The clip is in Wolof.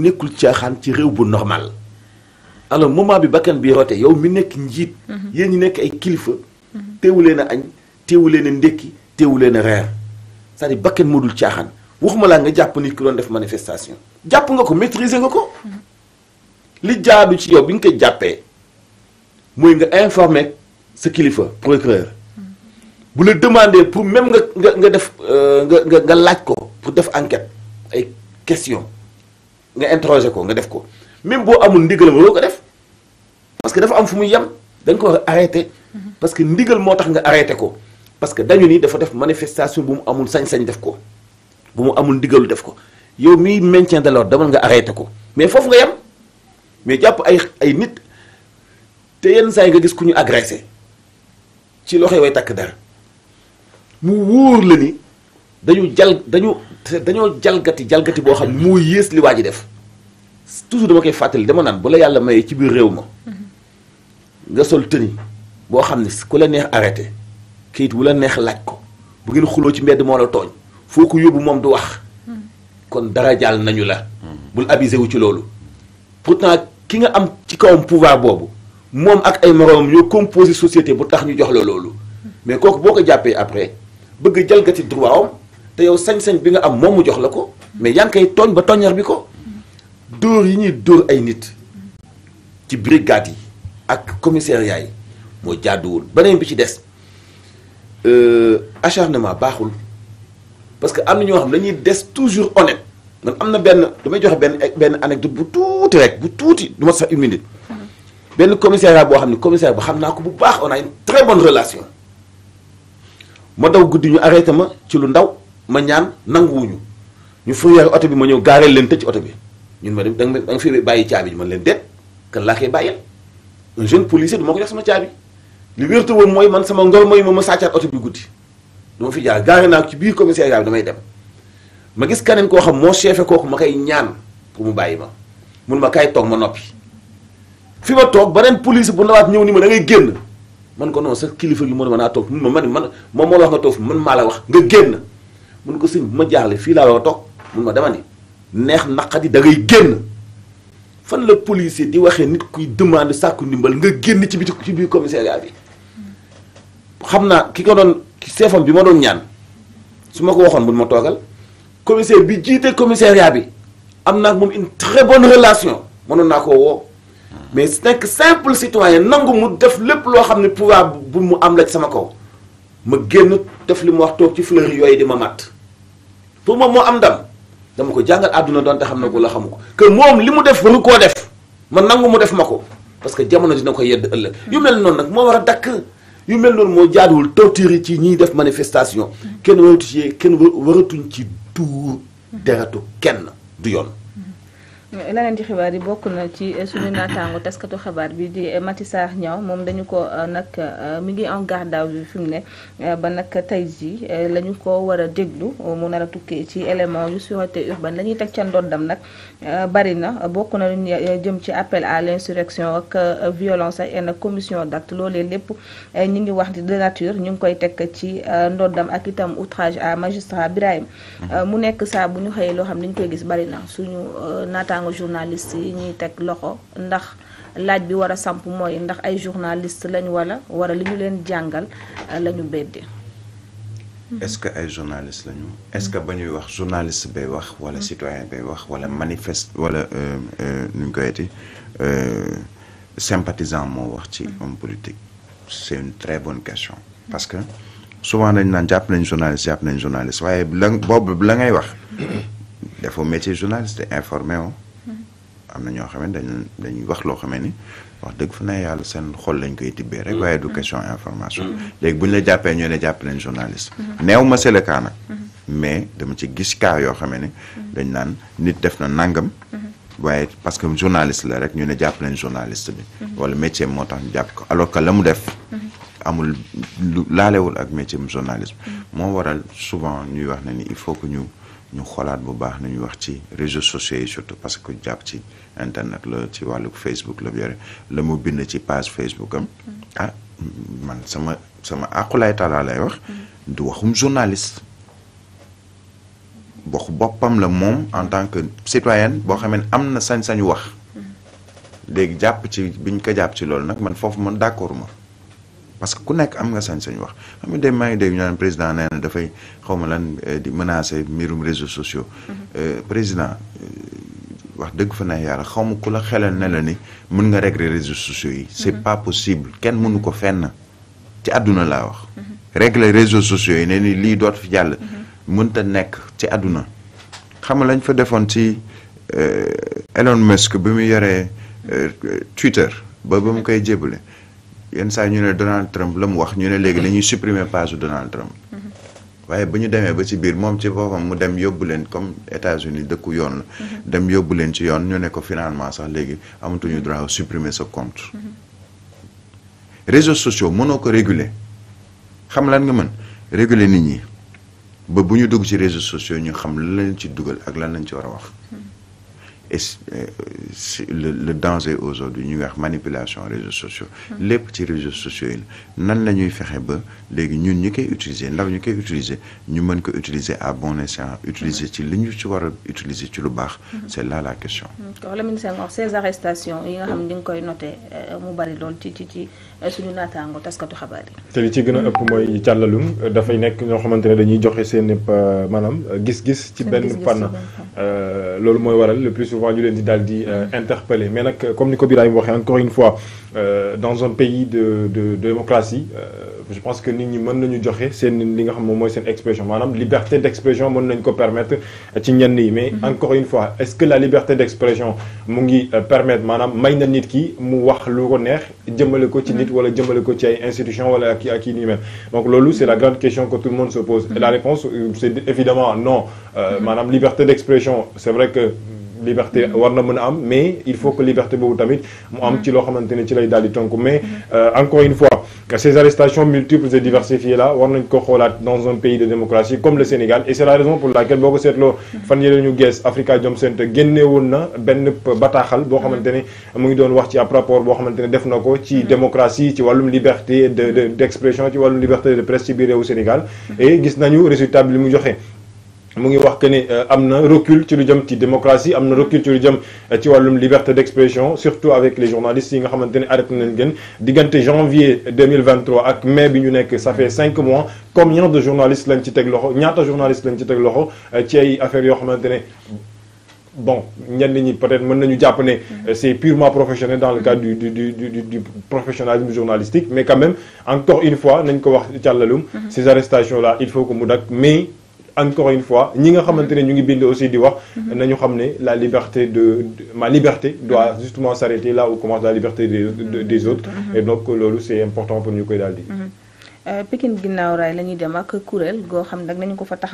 nekkul caaxaan ci réew bu normal alors moment bi bakkan bi rote yow mi nekk njiit mhm. yéen ñi nekk ay kilifa mhm. teewuleen a añ teewuleen a ndékki teewuleen a reer c'est-à-dire bakkan moo dul caaxaan waxuma laa nga jàpp nit ki doon def manifestation jàpp nga ko maîtriser nga ko mhm. li jaadu ci yow bi nga koy jàppee mooy nga informer sa kilifa procureur bu la demander pour même nga nga nga def euh, nga nga laaj ko pour def enquête ay question nga interroger ko nga def ko même boo amul ndigalam waroo ko def parce que dafa am fu muy yem da ko war a arrêté mhm. que ndigal moo tax nga arrêté ko parce que dañu ni dafa def manifestation bu mu amul sañ-sañ def ko bu mu amul ndigalu def ko yow mii maintien de l'ordre demal nga arrêté ko mais foofu nga yem mais jàpp ay ay nit te yenn saa yi nga gis ku ñu agressé ci loxo way takk dara mu wóor la ni dañu jal dañu dañoo jalgati jalgati boo xam moo yées li waa ji def toujours dama koy fàttali dama naan bu la yàlla mayee ci biir réew ma nga sol tëni boo xam ne ku la neex arrêté kayit wu la neex laaj ko bu ngeen xuloo ci mbedd moo la tooñ foo ko yóbbu moom du wax kon dara jàll nañu la bul abusé wu ci loolu pourtant ki nga am ci kawam pouvoir boobu moom ak ay moroomam yoo composé société bu tax ñu jox la loolu mais kooku boo ko jàppee après bëgg jalgati droit am te yow sañ-sañ bi nga am moom mu jox la ko mais yaa ngi koy tooñ ba tooñar bi ko dóor yi ñuy dóor ay nit ci brigade yi ak commissariat yi moo jàdduwul beneen bi ci des euh, acharnement baaxul parce que am na ñoo xam dañuy des toujours honnête man am na benn damay joxe benn benn anecdote bu tuuti rek bu tuuti du ma sax une minute mhm. benn commissariat boo xam ne commissariat bu xam naa ko bu baax on a une très bonne relation ma daw guddi ñu arrêté ma ci lu ndaw ma ñaan nanguwuñu ñu fourrière oto bi ma ñëw gaareel leen tëj ci oto bi ñun ma dem da nga bàyyi caabi ji man leen déet kan laa koy bàyyeel un jeune policier du ma ko jox sama caabi li wér woon mooy man sama ngor mooy moom ma sàccaat oto bi guddi du fi jaar gaare naa ci biir commissariat bi damay dem ma gis keneen koo xam moo chefé kooku ma koy ñaan pour mu bàyyi ma mun ma kaay toog ma noppi fi ma toog beneen police bu ndawaat ñëw ni ma da ngay génn man ko non sa kilifa lu moo ne ma naa toog mun ma man man moom moo la wax nga toog man maa la wax nga génn mun ko sëñ bu ma jaaxle fii laa war a toog mun ma dama ni neex naqadi da ngay génn fan la policier di waxee nit kuy demande sàkku ndimbal nga génn ci biti ci biir commissariat bi xam naa ki ko doon seefam bi ma doon ñaan su ma ko waxoon bu ma toogal commissaire bi jiite commissariat bi am naa moom une très bonne relation mënoon naa ko woo mais nekk simple citoyen nangu mu def lépp loo xam ne pouvoir bu mu am la sama kaw ma génn def li mu wax toog ci fleur yooyu di ma pour moom moo am ndam. dama ko jàngal àdduna doonte xam na ko la xamu ko que moom li mu def waru koo def man nangu mu def ma ko parce que jamono dina ko yedd ëllëg yu mel noonu nag moo war a dakk yu mel noonu moo jaaduwul torture yi ci ñuy def manifestation kenn waratu ci kenn waratuñ ci tuur deratu kenn du yoon leneen ci xibaar yi bokk na ci suñu naataango taskatu xibaar bi di eh, Mati Sarr Niaw moom dañu ko eh, nag eh, mi ngi en garde fi mu ne ba nag tey jii la ko war a déglu mu nar ci élément yu sûreté urbaine la ñuy teg ca ndoddam nag bari na bokk na lu jëm ci appel à l'insurrection ak violence ak en commission d'acte loolee lépp ñi ngi wax di de nature ñu ngi koy teg ci ndoddam ak itam outrage à magistrat Birahim mmh. mu nekk saa bu ñu xëyee loo xam ni ñu koy gis bari na suñu naataango naataango journaliste yi ñuy teg loxo ndax laaj bi war a samp mooy ndax ay journaliste lañu wala wala li ñu leen jàngal euh, la ñu beddi est-ce que ay journaliste lañu est-ce que ba ñuy wax journaliste bay wax wala mm-hmm. citoyen bay wax wala manifeste wala euh, euh, nu ñu koy eti sympathisant moo wax ci mm-hmm. homme politique c'est une très bonne question parce que souvent nañ naan jàpp nañ journaliste jàpp nañ journaliste waaye la boobu la ngay wax mm-hmm. dafa métier journaliste informé o am na ñoo xam ne dañu dañuy wax loo xam ni wax dëgg fa na yàlla seen xool lañ koy tibbee rek. waaye du question information. Mm-hmm. léegi bu ñu la jàppee ñu ne jàpp nañ journaliste. Mm-hmm. ma c'est mm-hmm. mais dama ci gis cas yoo xam ne dañ naan nit def na nangam. waaye parce que journaliste la rek ñu ne jàpp nañ journaliste bi. wala métier moo tax ñu jàpp ko alors que la mu def. amul lu laalewul ak métier journalisme moo waral souvent ñuy wax na ni il faut que ñu. ñu xoolaat bu baax nañu wax ci réseaux sociaux yi surtout parce que jàpp ci internet la ci wàllu Facebook la yore la mu bind ci page Facebook am mm-hmm. ah man sama sama àqulaay taalaa lay wax mm-hmm. du waxum journaliste waxu boppam la moom en tant que citoyenne boo xamee ne am na sañ-sañu wax mm-hmm. léegi jàpp ci biñ ko jàpp ci loolu nag man foofu man d'accord ma parce que ku nekk am nga sañ-sañ wax xam nga dem maa ngi dégg ñu naan président nee na dafay xaw ma lan eh, di menacer mm-hmm. eh, président eh, wax dëgg fa na yàlla xaw ma ku la ne la ni mën nga régler réseaux sociaux yi. c'est mm-hmm. pas possible kenn mënu ko fenn ci àdduna laa wax. Mm-hmm. régler réseaux sociaux yi ne ni lii dootu fi jàll. mënta nekk ci àdduna. xam nga lañ fa defoon ci Elon Musk bi mu yoree Twitter ba ba mu koy jébale. yenn saa ñu ne Donald Trump la mu wax ñu ne léegi dañuy mm-hmm. supprimer page Donald Trump mm-hmm. waaye ba ñu demee ba si biir moom ci boppam mu dem yóbbu leen comme États-Unis dëkku yoon la mm-hmm. dem yóbbu leen ci yoon ñu ne ko finalement sax léegi amatuñu droit supprimer sa compte réseaux sociaux mënoo ko réguler xam lan nga mën régulé nit ñi ba bu ñu dugg ci réseaux sociaux ñu xam lan lañ ci dugal ak lan lañ ci war a wax et euh, le, le danger aujourd'hui ñu ngi wax manipulation réseaux sociaux lépp ci réseaux sociaux yi nan la ñuy fexe ba léegi ñun ñu koy utiliser ndaw ñu koy utiliser ñu mën ko utiliser à bon escient utiliser ci li ñu ci war a ci lu baax c'est là la question wax la ministère nga wax ces euh, ci ci ci euh, suñu naataango taskatu xabaar yi te li ci gën a ëpp mooy càllalum dafay nekk ñoo xamante ne dañuy joxe seen maanaam gis-gis ci benn pann loolu mooy waral le plus souvent ñu di daal di euh, interpeller mais nag comme ni ko Birahim waxee encore une fois euh, dans un pays de démocratie euh, je pense que nit ñi mën nañu joxe seen li nga xam moom mooy seen expression maanaam liberté d'expression mën nañu ko permettre ci ñenn yi mais mhm. encore une fois est-ce que la liberté d'expression mu ngi permettre maanaam may na nit ki mu wax lu ko neex jëmale ko ci mhm. nit wala jëmale ko ci ay institution wala ak i yi ni mel donc loolu c'est la grande question que tout le monde se pose mhm. la réponse c'est évidemment non liberté d'expression c'est vrai que liberté war na mën am mais il faut que liberté boobu tamit mu am ci loo xamante ne ci lay daal di tonk mais euh, encore une fois ces arrestations multiples et diversifiées là war nañ ko xoolaat dans un pays de démocratie comme le Sénégal et c'est la raison pour laquelle boo ko seetloo fan yële gees Africa Jom Center génne woon na benn bataaxal boo xamante ne mu ngi doon wax ci ab rapport boo xamante ne def na ko ci démocratie ci wàllum liberté de d'expression ci wàllum liberté de presse ci biir gis nañu résultat bi li mu joxe mu ngi wax que ni euh, am na recul ci lu jëm ci démocratie am na recul ci lu jëm euh, ci wàllum liberté d'expression surtout avec les journalistes yi nga xamante ne arrêté nañ gën diggante janvier 2023 ak mais bi ñu nekk ça fait cinq mois combien de journalistes lañ ci teg loxo ñaata journalistes lañ ci teg loxo euh, ci ay affaires yoo xamante ne bon ñenn ñi peut-être mën nañu jàpp ne c'est purement professionnel dans le cadre du du du du du professionnalisme journalistique mais quand encore une fois nañ ko wax càllalum mhm. ces arrestations là il faut que mu dakk encore une fois ñi nga xamante ne ñu ngi bind aussi di wax nañu xam ne la liberté de ma liberté doit mm-hmm. justement s'arrêter là où commence la liberté des mm-hmm. des autres mm-hmm. et donc loolu c'est important pour ñu koy daal di euh, Pikine ginnaaw raay la dem ak kuréel goo xam nag nañu ko fa tax